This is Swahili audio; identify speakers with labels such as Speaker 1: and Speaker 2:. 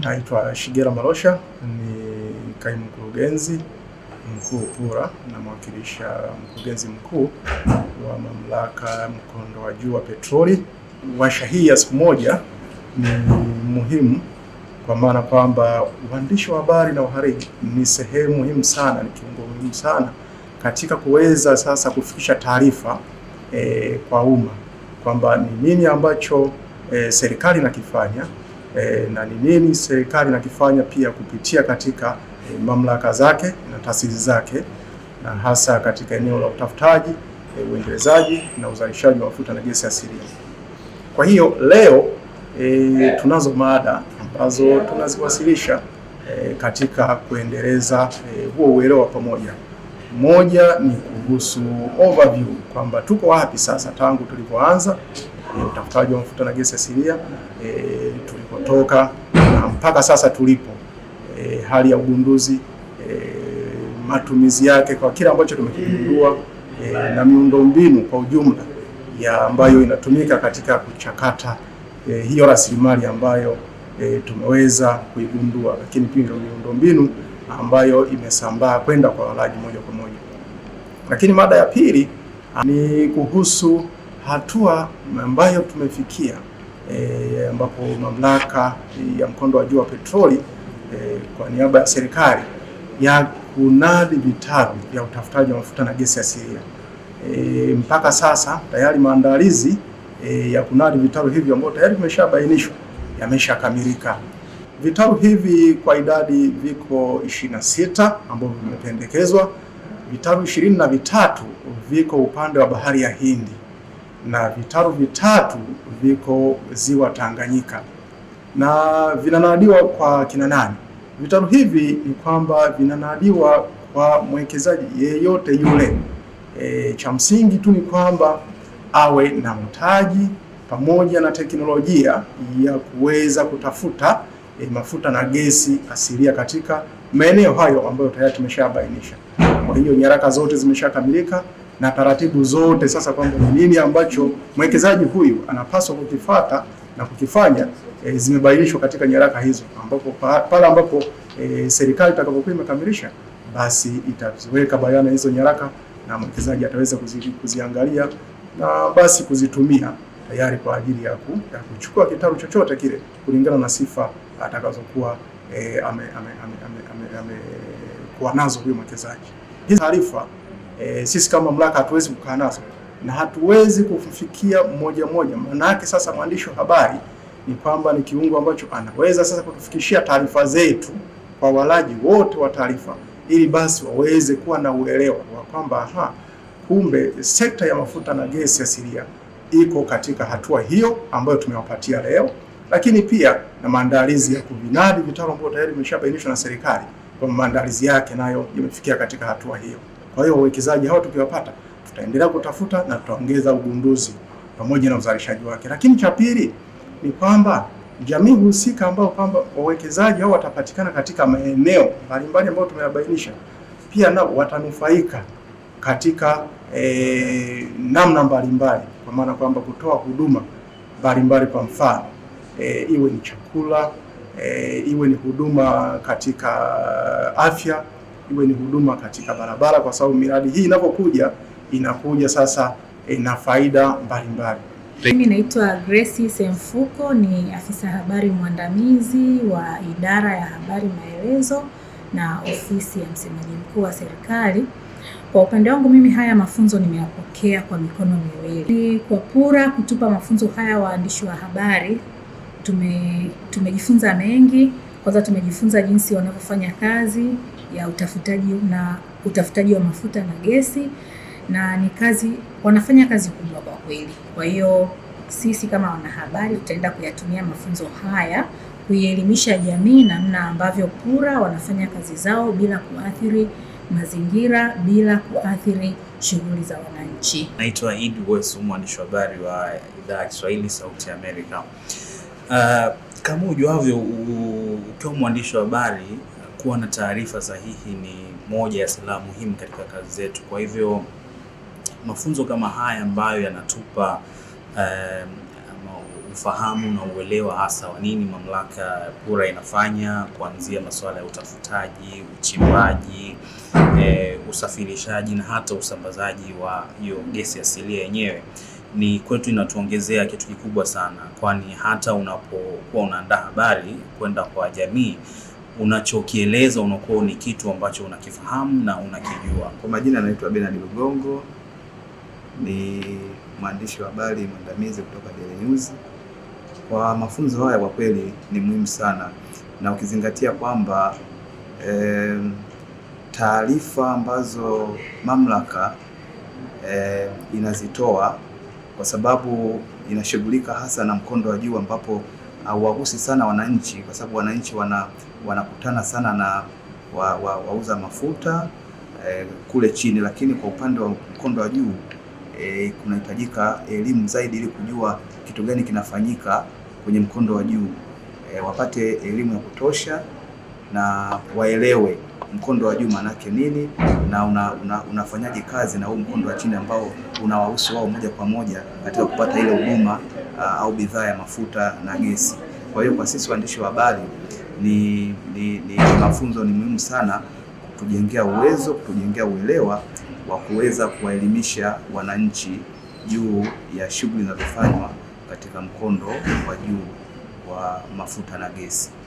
Speaker 1: Naitwa Shigera marosha ni kaimu mkurugenzi mkuu PURA, namwakilisha mkurugenzi mkuu wa mamlaka mkondo wa juu wa petroli. Washa hii ya siku moja ni muhimu kwa maana kwamba uandishi wa habari na uhariri ni sehemu muhimu sana, ni kiungo muhimu sana katika kuweza sasa kufikisha taarifa e, kwa umma kwamba ni nini ambacho e, serikali inakifanya e, na ni nini serikali inakifanya pia kupitia katika e, mamlaka zake na taasisi zake na hasa katika eneo la utafutaji e, uendelezaji na uzalishaji wa mafuta na gesi asilia. Kwa hiyo leo e, tunazo mada ambazo tunaziwasilisha e, katika kuendeleza e, huo uelewa pamoja. Moja ni kuhusu overview kwamba tuko wapi sasa tangu tulipoanza utafutaji wa mafuta na gesi asilia e, tulipotoka na mpaka sasa tulipo e, hali ya ugunduzi e, matumizi yake kwa kile ambacho tumekigundua e, na miundombinu kwa ujumla ya ambayo inatumika katika kuchakata e, hiyo rasilimali ambayo e, tumeweza kuigundua, lakini pia miundombinu ambayo imesambaa kwenda kwa walaji moja kwa moja. Lakini mada ya pili ni kuhusu hatua ambayo tumefikia e, ambapo mamlaka ya mkondo wa juu wa petroli e, kwa niaba ya serikali ya kunadi vitalu vya utafutaji wa mafuta na gesi asilia. E, mpaka sasa tayari maandalizi e, ya kunadi vitalu hivi ambayo tayari vimeshabainishwa yameshakamilika. Vitalu hivi kwa idadi viko 26 ambavyo vimependekezwa. Vitalu ishirini na vitatu viko upande wa bahari ya Hindi na vitaru vitatu viko ziwa Tanganyika na vinanadiwa kwa kina nani? Vitaru hivi ni kwamba vinanadiwa kwa mwekezaji yeyote yule. E, cha msingi tu ni kwamba awe na mtaji pamoja na teknolojia ya kuweza kutafuta e, mafuta na gesi asilia katika maeneo hayo ambayo tayari tumeshabainisha. Kwa hiyo nyaraka zote zimeshakamilika na taratibu zote sasa kwamba ni nini ambacho mwekezaji huyu anapaswa kukifata na kukifanya e, zimebainishwa katika nyaraka hizo, ambapo pale ambapo e, serikali itakapokuwa imekamilisha basi itaziweka bayana hizo nyaraka na mwekezaji ataweza kuzi, kuziangalia na basi kuzitumia tayari kwa ajili ya kuchukua kitalu chochote kile kulingana na sifa atakazokuwa e, amekuwa ame, ame, ame, ame, ame, nazo huyo mwekezaji. Hizi taarifa e, sisi kama mamlaka hatuwezi kukaa nazo na hatuwezi kufikia mmoja mmoja. Maana yake sasa, mwandishi wa habari ni kwamba ni kiungo ambacho anaweza sasa kutufikishia taarifa zetu kwa walaji wote wa taarifa, ili basi waweze kuwa na uelewa wa kwamba aha, kumbe sekta ya mafuta na gesi asilia iko katika hatua hiyo ambayo tumewapatia leo, lakini pia na maandalizi ya kuvinadi vitalu ambayo tayari vimeshabainishwa na serikali, kwa maandalizi yake nayo imefikia katika hatua hiyo. Kwa hiyo wawekezaji hao tukiwapata, tutaendelea kutafuta na tutaongeza ugunduzi pamoja na uzalishaji wake. Lakini cha pili ni kwamba jamii husika ambao kwamba wawekezaji hao watapatikana katika maeneo mbalimbali ambayo tumeyabainisha, pia nao watanufaika katika e, namna mbalimbali, kwa maana kwamba kutoa huduma mbalimbali, kwa mfano e, iwe ni chakula e, iwe ni huduma katika afya iwe ni huduma katika barabara, kwa sababu miradi hii inapokuja inakuja sasa e, na faida mbalimbali.
Speaker 2: Mimi naitwa Grace Semfuko, ni afisa habari mwandamizi wa idara ya habari maelezo na ofisi ya msemaji mkuu wa serikali. Kwa upande wangu mimi haya mafunzo nimeyapokea kwa mikono miwili. Kwa PURA kutupa mafunzo haya waandishi wa habari, tume tumejifunza mengi. Kwanza tumejifunza jinsi wanavyofanya kazi, ya utafutaji na utafutaji wa mafuta na gesi, na ni kazi wanafanya kazi kubwa kwa kweli. Kwa hiyo sisi kama wanahabari tutaenda kuyatumia mafunzo haya kuielimisha jamii namna ambavyo kura wanafanya kazi zao bila kuathiri mazingira, bila kuathiri shughuli za wananchi.
Speaker 3: Naitwa Idi Wesu, mwandishi wa habari wa idhaa ya Kiswahili Sauti ya Amerika. Uh, kama ujuavyo, ukiwa mwandishi wa habari kuwa na taarifa sahihi ni moja ya silaha muhimu katika kazi zetu. Kwa hivyo mafunzo kama haya ambayo yanatupa um, ufahamu na uelewa hasa wa nini mamlaka ya PURA inafanya kuanzia masuala ya utafutaji, uchimbaji, e, usafirishaji na hata usambazaji wa hiyo gesi asilia yenyewe, ni kwetu inatuongezea kitu kikubwa sana, kwani hata unapokuwa unaandaa habari kwenda kwa jamii unachokieleza unakuwa ni kitu ambacho unakifahamu na unakijua.
Speaker 1: Kwa majina anaitwa Bernard Lugongo, ni mwandishi wa habari mwandamizi kutoka Daily News. Kwa mafunzo haya kwa kweli ni muhimu sana, na ukizingatia kwamba e, taarifa ambazo mamlaka e, inazitoa kwa sababu inashughulika hasa na mkondo wa juu ambapo hauwagusi sana wananchi, kwa sababu wananchi wana wanakutana sana na wa, wa, wauza mafuta eh, kule chini, lakini kwa upande wa mkondo wa juu eh, kunahitajika elimu eh, zaidi ili kujua kitu gani kinafanyika kwenye mkondo wa juu eh, wapate elimu ya kutosha na waelewe mkondo wa juu manake nini na una, una, unafanyaje kazi na huu mkondo wa chini ambao unawahusu wao moja kwa moja katika kupata ile huduma au bidhaa ya mafuta na gesi. Kwa hiyo kwa sisi waandishi wa habari ni, ni, ni mafunzo ni muhimu sana kutujengea uwezo, kutujengea uelewa wa kuweza kuwaelimisha wananchi juu ya shughuli zinazofanywa katika mkondo wa juu wa mafuta na gesi.